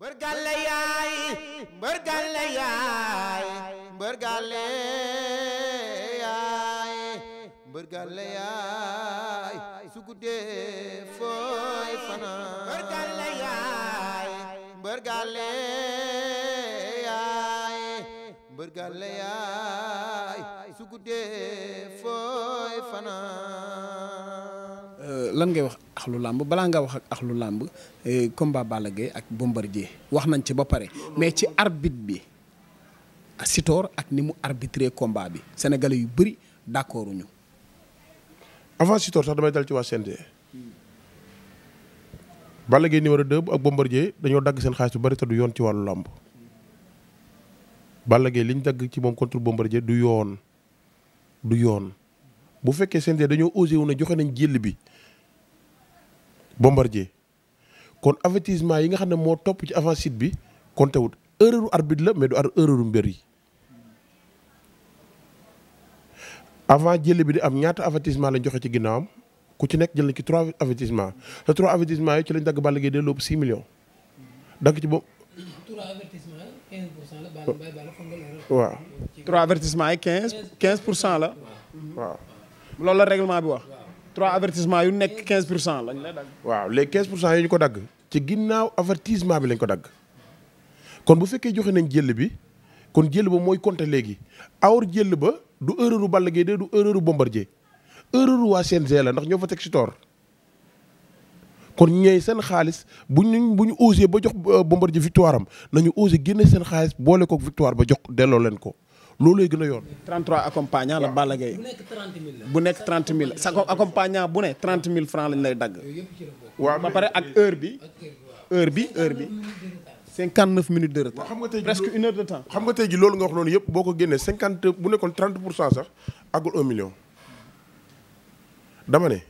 mbër gàlle yaay yaay mbër gàlle yaay yaay su guddee fooy yaay mbër gàlle yaay mbër fanaan Euh, lan ngay wax axlu làmb balaa nga wax ak axlu làmb euh, combat Balla Gaye ak Bombardier wax nañ ci ba pare mais ci arbitre bi Sitor ak ni mu arbitre combat bi sénégalais yu bëri d'accordu ñu avant Sitor sax damay dal ci waa CNG Balla Gaye numéro 2 ak Bombardier dañoo dagg seen xaalis yu bëri te du yoon ci wàllu làmb Balla Gaye liñ dagg ci moom contre Bombardier du yoon du yoon bu fekkee CNG dañoo osé wu ne joxe nañ jël bi bombardier kon avertissement yi nga xam ne moo topp ci avant site bi compté wut erreur arbitre la mais du ar erreur mbër yi avant jële bi di am ñaata avertissement la joxe ci ginnaawam ku ci nekk jël na ci trois avertissement trois avertissement yi ci lañ dagg Balla Gaye delloo bu six millions dagg ci boobu. pour cent la. waaw trois avertissement yi quinze quinze pour cent la. waaw loolu la règlement bi wax. trois avertissement yu nekk 15 pour cent lañ la dagg. waaw les 15 pour cent yi ko dagg. ci ginnaaw avertissement bi lañ ko dagg kon bu fekkee joxe nañ jël bi kon jël ba mooy compter léegi awur jël ba du erreur u Balla de du erreur u Bombardier erreur u waa CNG la ndax ñoo fa teg si toor kon ñëy seen xaalis bu ñu bu ñu osé ba jox euh, Bombardier victoire am nañu osé génne seen xaalis boole ko victoire ba jox delloo leen ko. loolu lay a yoon. 33 accompagnant la Balla bu nekk 30 000 la bu bu ne 30 000 francs lañ lay dagg. waaw ba pare ak heure bi heure bi heure bi. 59 minutes de retard. xam nga tey presque une heure de xam nga tey ji loolu nga wax noonu yëpp boo ko génnee 50 bu nekkoon 30 pour cent sax àggul 1 million. dama ne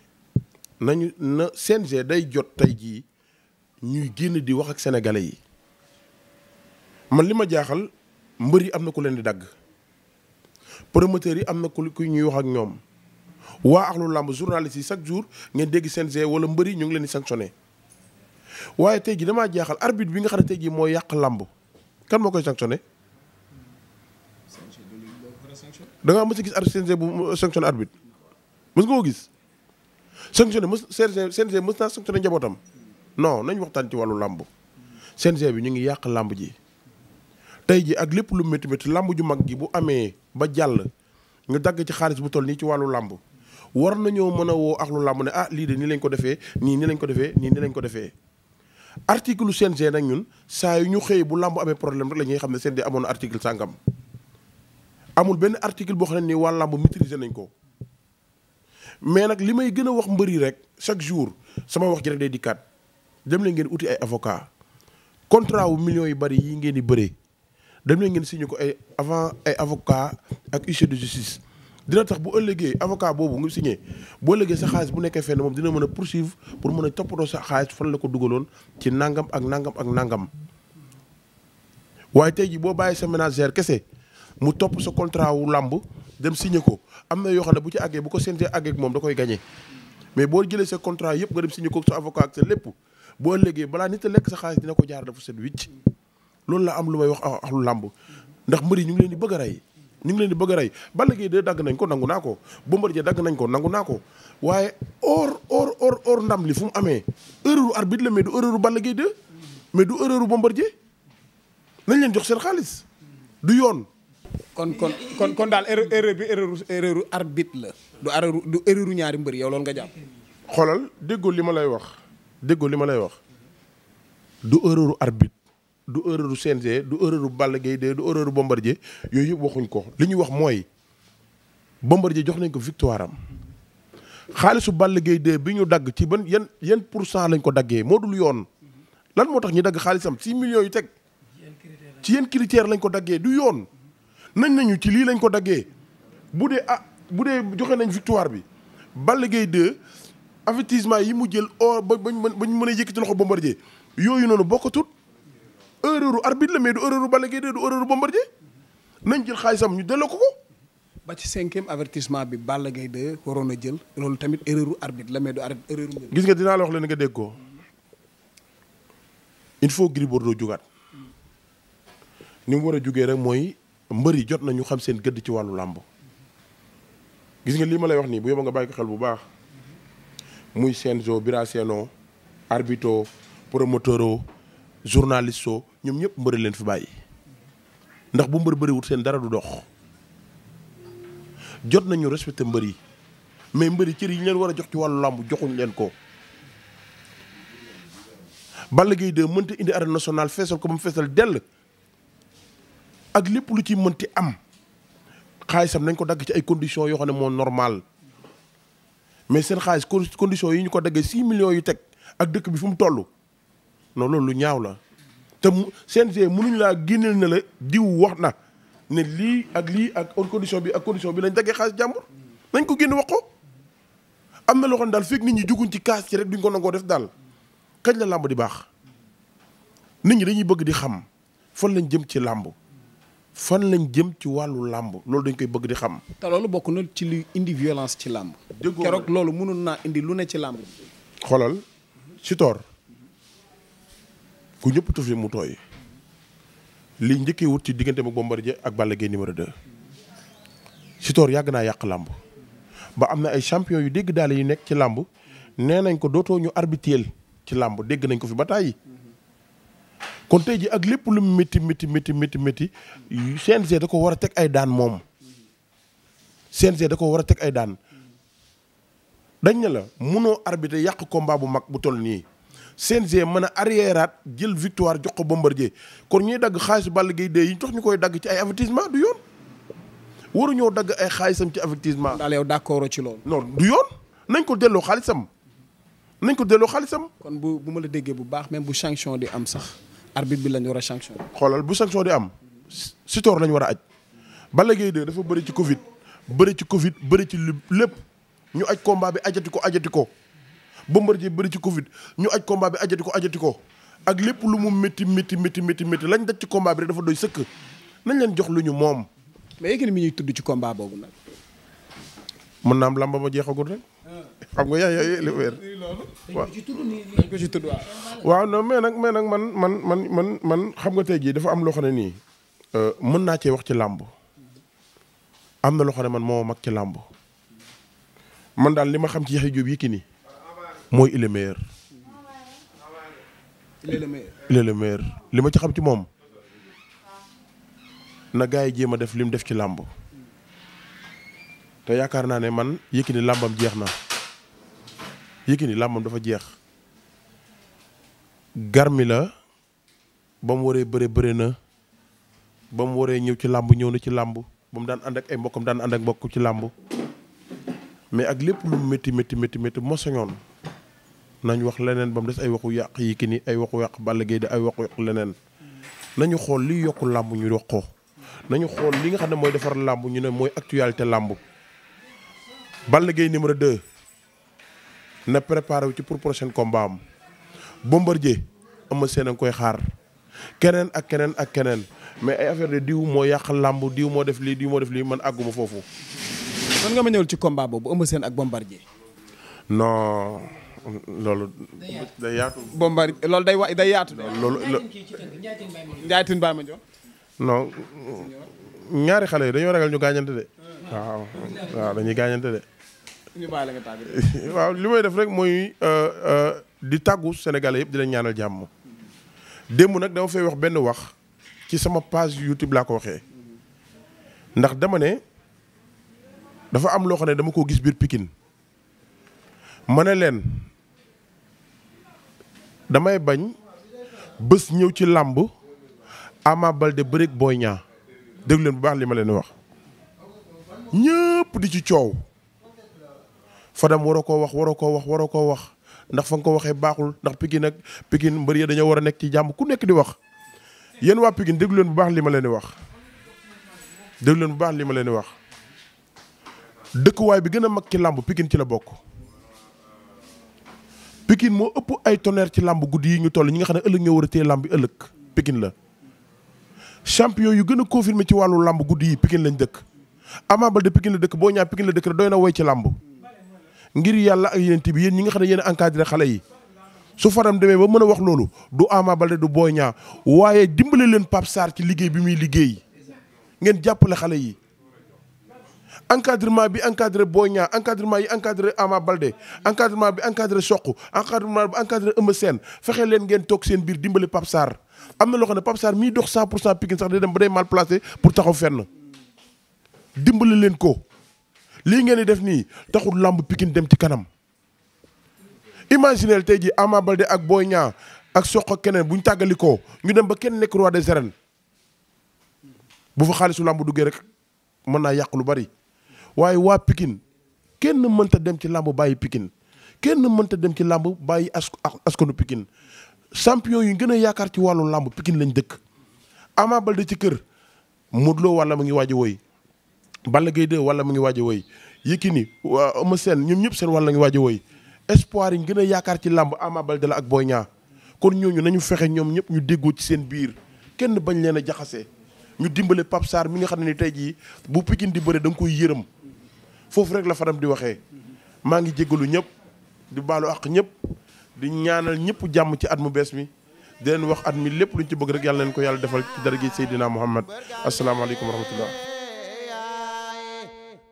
nañu na CNG day jot tey jii ñuy génn di wax ak sénégalais yi man li ma jaaxal mbër yi am na ku leen di dagg. promoteurs yi am na ku ku ñuy wax ak ñoom waa axlu làmb journalistes yi chaque jour ngeen dégg CNG wala mbëri ñu ngi leen di sanctionné waaye tey jii damaa jaaxal arbitre bi nga xam ne tey jii mooy yàq làmb kan moo koy sanctionné. da ngaa mës a gis arbitre CNG bu sanctionné arbitre mës nga koo gis sanctionné mës CNG CNG mës naa sanctionné njabootam non nañ waxtaan ci wàllu làmb CNG bi ñu ngi yàq làmb ji tey ji ak lépp lu métti métti làmb ju mag gi bu amee. ba jàll ñu dagg ci xaalis bu toll nii ci wàllu làmb war nañoo mën a woo ak làmb ne ah lii de nii lañ ko defee nii nii lañ ko defee nii nii lañ ko defee article CNG nag ñun saa yu ñu xëy bu làmb amee problème rek la ñuy xam ne seen CNG amoon na article sàngam amul benn article boo xam ne nii waa làmb maîtriser nañ ko mais nag li may gën a wax mbëri rek chaque jour sama wax ji rek day dikkaat dem leen ngeen uti ay avocat contrat wu millions yu bari yi ngeen di bëree dem leen ngeen signé ko ay avant ay avocat ak huissier de justice dina tax bu ëllëgee avocat boobu nga signé boo ëllëgee sa xaalis bu nekkee fenn moom dina mën a poursuivre pour mën a toppatoo sa xaalis fan la ko dugaloon ci nangam ak nangam ak nangam waaye tey jii boo bàyyi sa ménagère kese mu topp sa contrat wu làmb dem signé ko am na yoo xam ne bu ci àggee bu ko séntee àggee moom da koy gagné mais boo jëlee sa contrat yëpp nga dem signé ko sa avocat ak sa lépp boo ëllëgee balaa nit a lekk sa xaalis dina ko jaar dafa set loolu la am lu may wax axlu làmb ndax mbëri ñu ngi leen di bëgg a ñu ngi leen di bëgg a rey Balla Gaye de dagg nañ ko nangu naa ko Bombardier dagg nañ ko nangu naa ko waaye or or or or ndam li fu mu amee erreur arbitre la mais du erreur Balla Gaye de mais du erreur Bombardier nañ leen jox seen xaalis du yoon. kon kon kon kon daal erreur erreur bi erreur erreur la du erreur du ñaari mbër yow loolu nga jàpp. xoolal déggoo li ma lay wax déggoo li ma lay wax du erreur arbitre. du erreur du CNG du erreur du Balla Gaye de du erreur du yooyu yëpp waxuñ ko li ñuy wax mooy Bombardier jox nañ ko victoire am xaalisu Balla Gaye de bi ñu dagg ci ban yan yan pour cent lañ ko daggee moo dul yoon lan moo tax ñu dagg xaalisam 6 millions yu teg ci yan critère lañ ko daggee du yoon nañ nañu ci lii lañ ko daggee bu dee ah bu dee joxe nañ victoire bi Balla Gaye 2 avertissement yi mu jël o ba bañ bañ mën a yëkkati loxo Bombardier yooyu noonu bokkatut erreur arbitre la mais du erreur Balla Gaye 2 du erreur Bombardier nañ jël xaalisam ñu delloo ko ko. ba ci cinquième avertissement bi Balla Gaye 2 waroon a jël loolu tamit erreur arbitre la mais du arbitre erreur. gis nga dinaa la wax leen nga dégg ko il faut Gris Bordeaux jugaat ni mu war a jugee rek mooy mbër yi jot nañu xam seen gëdd ci wàllu làmb gis nga lii ma lay wax nii bu yóbbu nga bàyyi ko xel bu baax muy seen Senzo Bira Seno arbito promoteur journaliste soo ñoom ñëpp mbëri leen fi bàyyi ndax bu mbër bëriwut seen dara du dox jot nañu respecté mbër yi mais mbër yi cër yi ñu leen war a jox ci wàllu làmb joxuñ leen ko. Balla Gaye 2 mënta indi arène nationale feesal ko ba mu feesal dell ak lépp lu ci mënti am xaalisam nañ ko dagg ci ay conditions yoo xam ne moo normal mais seen xaalis conditions yi ñu ko daggee 6 millions yu teg ak dëkk bi fu mu toll. non loolu lu ñaaw la te mu CNG mënuñu laa génneel na la diw wax na ne lii ak lii ak condition bi ak condition bi lañ daggee xaalis jàmbur nañ ko génn wax ko am na loo xam daal fekk nit ñi juguñ ci kaas ci rek duñ ko nangoo def daal kañ la làmb di baax nit ñi dañuy bëgg di xam fan lañ jëm ci làmb fan lañ jëm ci wàllu làmb loolu dañ koy bëgg di xam. te loolu bokk na ci li indi violence ci làmb. keroog loolu mënoon naa indi lu ne ci làmb. xoolal Sitor. ku ñëpp tufi mu tooy li njëkkee wut ci diggante ak Bombardier ak Balla Gaye numéro 2. Sitor yàgg naa yàq làmb ba am na ay champion yu dégg daal yu nekk ci làmb nee nañ ko dootoo ñu arbitreel ci làmb dégg nañ ko fi ba tàyyi kon tey ji ak lépp lu métti métti métti métti métti CNG da ko war a teg ay daan moom CNG da ko war a teg ay daan dañ ne la munoo arbitre yàq combat bu mag bu toll nii CNG mën a at jël victoire jox ko Bombardier kon ñuy dagg xaalisu Balla Gaye dee yi ñu tax ñu koy dagg ci ay avertissement du yoon waruñoo dagg ay xaalisam ci avertissement. daal yow d'accord ci loolu. non du yoon nañ ko delloo xaalisam nañ ko delloo xaalisam. kon bu bu ma la déggee bu baax même bu sanction di am sax arbitre bi lañ war a sanction. xoolal bu sanction di am Sitor lañ war a aj Balla Gaye de dafa bëri ci Covid bëri ci Covid bëri ci lépp ñu aj combat bi ajati ko ajati ko. Bombardier bëri ci Covid ñu aj combat bi ajati ko ajati ko ak lépp lu mu métti métti métti métti lañ daj ci combat bi rek dafa doy sëkk nañ leen jox lu ñu moom. mais Yékini mi ci combat boobu nag. mën am lamba ma jeexagul rek. xam nga yaay yaay li weer. waaw dañ waaw non mais nag mais nag man man man man man xam nga tey jii dafa am loo xam ne nii. Euh, mën naa cee wax ci làmb. am na loo ne man moo mag ci làmb. man daal li ma xam ci Yaxya Jóob Yékini mooy il est li ma ci xam ci moom na gars yi jéem a def lim def ci làmb te yaakaar naa ne man Yékini làmbam jeex na Yékini làmbam dafa jeex garmi la ba mu waree bëre bëre na ba mu waree ñëw ci làmb ñëw na ci làmb ba mu daan ànd ak ay mbokkam daan ànd ak mbokk ci làmb mais ak lépp lu métti metti métti métti moo sañoon nañ wax leneen ba mu des ay waxu yàq yi ki ni ay waxu yàq ball Gaye de ay waxu yàq leneen nañu xool liy yokku làmb ñu wax nañu xool li nga xam ne mooy defar làmb ñu ne mooy actualité làmb Balla Gaye numéro 2 na préparé wu ci pour prochain combat am Bombardier am seen a koy xaar keneen ak keneen ak keneen mais ay affaire de diw moo yàq làmb diw moo def lii diw moo def lii man àgguma foofu. man nga ma ñëwul ci combat boobu Eumeu seen ak Bombardier. non. loolu. day yaatu loolu day wa day yaatu. loolu njaatin baay ñaari xale yi dañoo ragal ñu gaañante de. waaw waaw li may def rek mooy euh, euh, di tàggu Sénégalais yëpp di leen ñaanal jàmm. démb nag dama fay wax benn wax ci sama page YouTube laa ko waxee ndax dama ne dafa am loo ne dama ko gis biir Pikine ma ne leen damay bañ bés ñëw ci làmb Ama balde bëreeg booy ñaa déglu leen bu baax li ma leen wax ñëpp di ci coow Fadam waroo koo wax waroo koo wax waroo koo wax ndax fa nga ko waxee baaxul ndax Pikine nag Pikine mbër yi dañoo war a nekk ci jàmb ku nekk di wax yéen waa Pikine déglu leen bu baax li ma leen di wax déglu leen bu baax li ma leen di wax dëkkuwaay bi gën a mag ci làmb Pikine ci la bokk. Pikine moo ëpp ay tonnerre ci làmb guddi yi ñu toll ñi nga xam ne ëllëg ñoo war a téye làmb bi ëllëg Pikine la champion yu gën a confirmé ci wàllu làmb guddi yi Pikine lañ dëkk Ama Baldé pikin la dëkk Boy Niang Pikine la dëkk doy na woy ci làmb ngir yàlla ak yeneen bi yéen ñi nga xam ne yéen encadré xale yi su faram demee ba mën a wax loolu du Ama Baldé du booy Niang waaye dimbale leen Pape Sarr ci liggéey bi muy liggéey ngeen jàppale xale yi encadrement bi encadré Boy Niang encadrement yi encadré Ama Baldé encadrement bi encadré Sokh encadrement bi encadré Eumeu Sène fexe leen ngeen toog seen biir dimbali Pape Sarr am na loo xam ne Pape Sarr mii dox 100 pour cent Pikine sax day dem ba day mal pour taxaw fenn dimbali leen ko lii ngeen di def nii taxul làmb Pikine dem ci kanam imaginel tey ji Ama Baldé ak Boy Niang ak Sokh ak keneen bu ñu tàggalikoo ñu dem ba kenn nekk roi des arènes bu fa xaalisu làmb duggee rek mën naa yàq lu bari waaye waa pikin kenn mënta dem ci làmb bàyyi Pikine kenn mënta dem ci làmb bàyyi as askanu yu gën a yaakaar ci wàllu làmb pikin lañ dëkk Ama Baldé ci kër Modou Lo wala mu ngi waaj woy Balla Gaye 2 wala mu ngi waaj a woy Yékini Eumeu Sène ñoom ñëpp seen wala la ngi waaj a woy espoir yi gën a yaakaar ci làmb Ama Baldé la ak Boy Niang kon ñooñu nañu fexe ñoom ñëpp ñu déggoo ci seen biir kenn bañ leen a jaxase ñu dimbale Pape Sarr mi nga xam ne ni tey jii bu Pikine di bëre da koy yërëm foofu rek la Fadam di waxee maa ngi jéggalu ñëpp di baalu àq ñépp di ñaanal ñëpp jàmm ci at mu bees mi di leen wax at mi lépp luñ ci bëgg rek yàlla leen ko yàlla defal ci daraj Seydina Muhammad asalaamaaleykum wa rahmatullah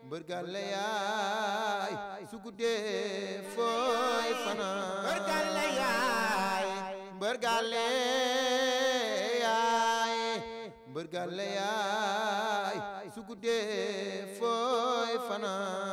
mbër gàlle yaay su guddee fooy fanaan mbër ربنا